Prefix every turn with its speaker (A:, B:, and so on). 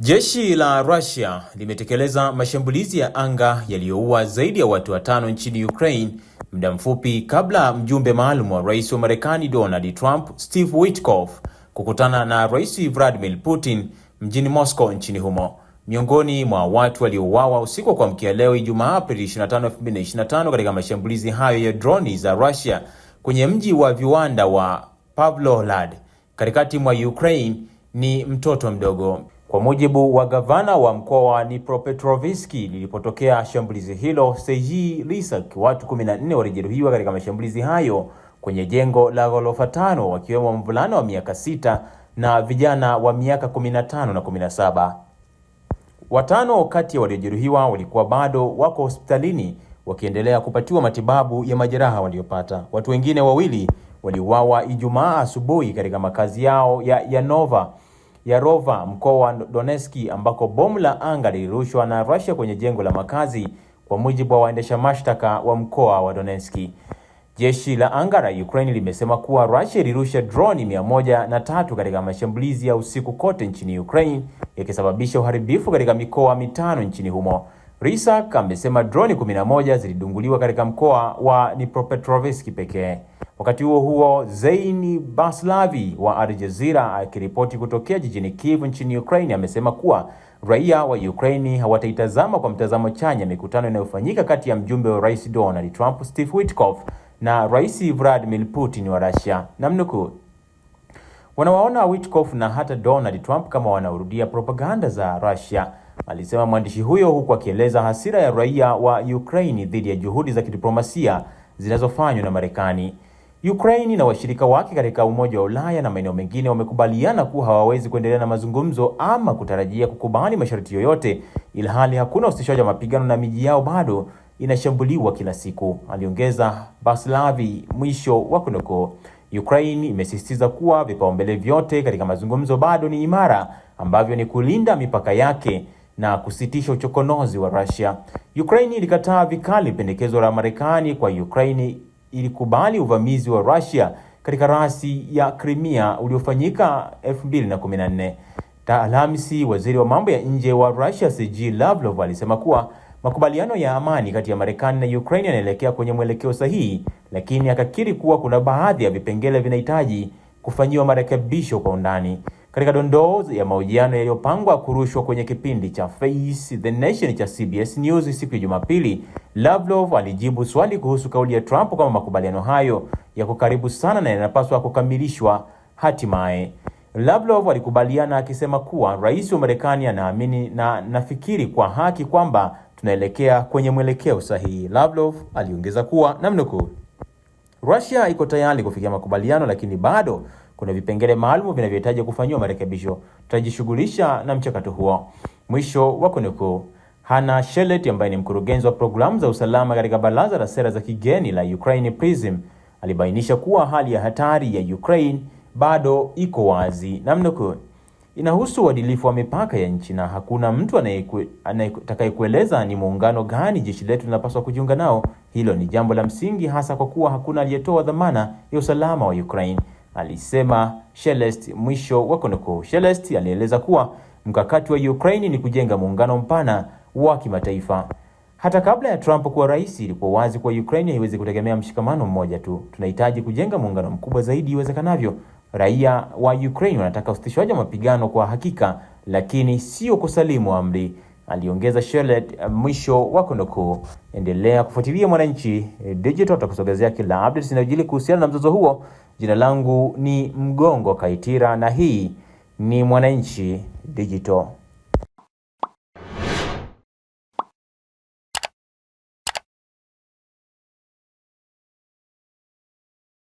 A: Jeshi la Russia limetekeleza mashambulizi ya anga yaliyoua zaidi ya watu watano nchini Ukraine, muda mfupi kabla mjumbe maalum wa Rais wa Marekani Donald Trump, Steve Witkoff, kukutana na Rais Vladimir Putin mjini Moscow nchini humo. Miongoni mwa watu waliouawa usiku wa kuamkia leo Ijumaa, Aprili 25, 2025 katika mashambulizi hayo ya droni za Russia kwenye mji wa viwanda wa Pavlohrad katikati mwa Ukraine ni mtoto mdogo. Kwa mujibu wa gavana wa mkoa wa Dnipropetrovski, lilipotokea shambulizi hilo Serhiy Lysak, watu 14 walijeruhiwa katika mashambulizi hayo kwenye jengo la ghorofa tano, wakiwemo mvulana wa miaka sita na vijana wa miaka 15 na 17. Watano kati ya waliojeruhiwa walikuwa bado wako hospitalini wakiendelea kupatiwa matibabu ya majeraha waliopata. Watu wengine wawili waliuawa Ijumaa asubuhi katika makazi yao ya Yanova ya Rova mkoa wa doneski ambako bomu la anga lilirushwa na Russia kwenye jengo la makazi kwa mujibu wa waendesha mashtaka wa mkoa wa doneski Jeshi la anga la Ukraine limesema kuwa Russia ilirusha droni mia na tatu katika mashambulizi ya usiku kote nchini Ukraine yakisababisha uharibifu katika mikoa mitano nchini humo. Risak amesema droni 11 zilidunguliwa katika mkoa wa Dnipropetrovsk pekee. Wakati huo huo, Zeini Baslavi wa Al Jazeera akiripoti kutokea jijini Kiev nchini Ukraine amesema kuwa raia wa Ukraine hawataitazama kwa mtazamo chanya mikutano inayofanyika kati ya mjumbe wa Rais Donald Trump, Steve Witkoff na Rais Vladimir Putin wa Russia. Namnukuu, wanawaona Witkoff na hata Donald Trump kama wanaorudia propaganda za Russia, alisema mwandishi huyo, huku akieleza hasira ya raia wa Ukraine dhidi ya juhudi za kidiplomasia zinazofanywa na Marekani. Ukraine na washirika wake katika Umoja wa Ulaya na maeneo mengine wamekubaliana kuwa hawawezi kuendelea na mazungumzo ama kutarajia kukubali masharti yoyote, ilhali hakuna usitishaji wa mapigano na miji yao bado inashambuliwa kila siku, aliongeza Baslavi. Mwisho wa kunukuu. Ukraine imesisitiza kuwa vipaumbele vyote katika mazungumzo bado ni imara, ambavyo ni kulinda mipaka yake na kusitisha uchokonozi wa Russia. Ukraine ilikataa vikali pendekezo la Marekani kwa Ukraine ilikubali uvamizi wa Russia katika rasi ya Crimea uliofanyika 2014. Alhamisi, waziri wa mambo ya nje wa Russia Sergei Lavrov alisema kuwa makubaliano ya amani kati ya Marekani na Ukraine yanaelekea kwenye mwelekeo sahihi, lakini akakiri kuwa kuna baadhi ya vipengele vinahitaji kufanyiwa marekebisho kwa undani. Katika dondoo ya mahojiano yaliyopangwa kurushwa kwenye kipindi cha Face the Nation cha CBS News siku ya Jumapili, Lavrov alijibu swali kuhusu kauli ya Trump kama makubaliano hayo yako karibu sana na yanapaswa kukamilishwa hatimaye. Lavrov alikubaliana akisema kuwa rais wa Marekani anaamini na nafikiri kwa haki kwamba tunaelekea kwenye mwelekeo sahihi. Lavrov aliongeza kuwa namnukuu, Russia iko tayari kufikia makubaliano, lakini bado kuna vipengele maalum vinavyohitaji kufanyiwa marekebisho. Tutajishughulisha na mchakato huo. Mwisho wa kunukuu. Hana Shelet ambaye ni mkurugenzi wa programu za usalama katika baraza la sera za kigeni la Ukraine PRISM alibainisha kuwa hali ya hatari ya Ukraine bado iko wazi, namnukuu, inahusu uadilifu wa mipaka ya nchi na hakuna mtu atakayekueleza ni muungano gani jeshi letu linapaswa kujiunga nao. Hilo ni jambo la msingi, hasa kwa kuwa hakuna aliyetoa dhamana ya usalama wa Ukraine alisema Shelest. Mwisho wa koneko. Shelest alieleza kuwa mkakati wa Ukraine ni kujenga muungano mpana wa kimataifa. Hata kabla ya Trump kuwa rais, ilikuwa wazi kuwa Ukraine haiwezi kutegemea mshikamano mmoja tu. Tunahitaji kujenga muungano mkubwa zaidi iwezekanavyo. Raia wa Ukraine wanataka usitishwaji wa mapigano kwa hakika, lakini sio kusalimu amri aliongeza Charlotte eh, mwisho wa kunukuu. Endelea kufuatilia Mwananchi eh, Digital, takusogezea kila update inayojili kuhusiana na mzozo huo. Jina langu ni Mgongo Kaitira na hii ni Mwananchi Digital.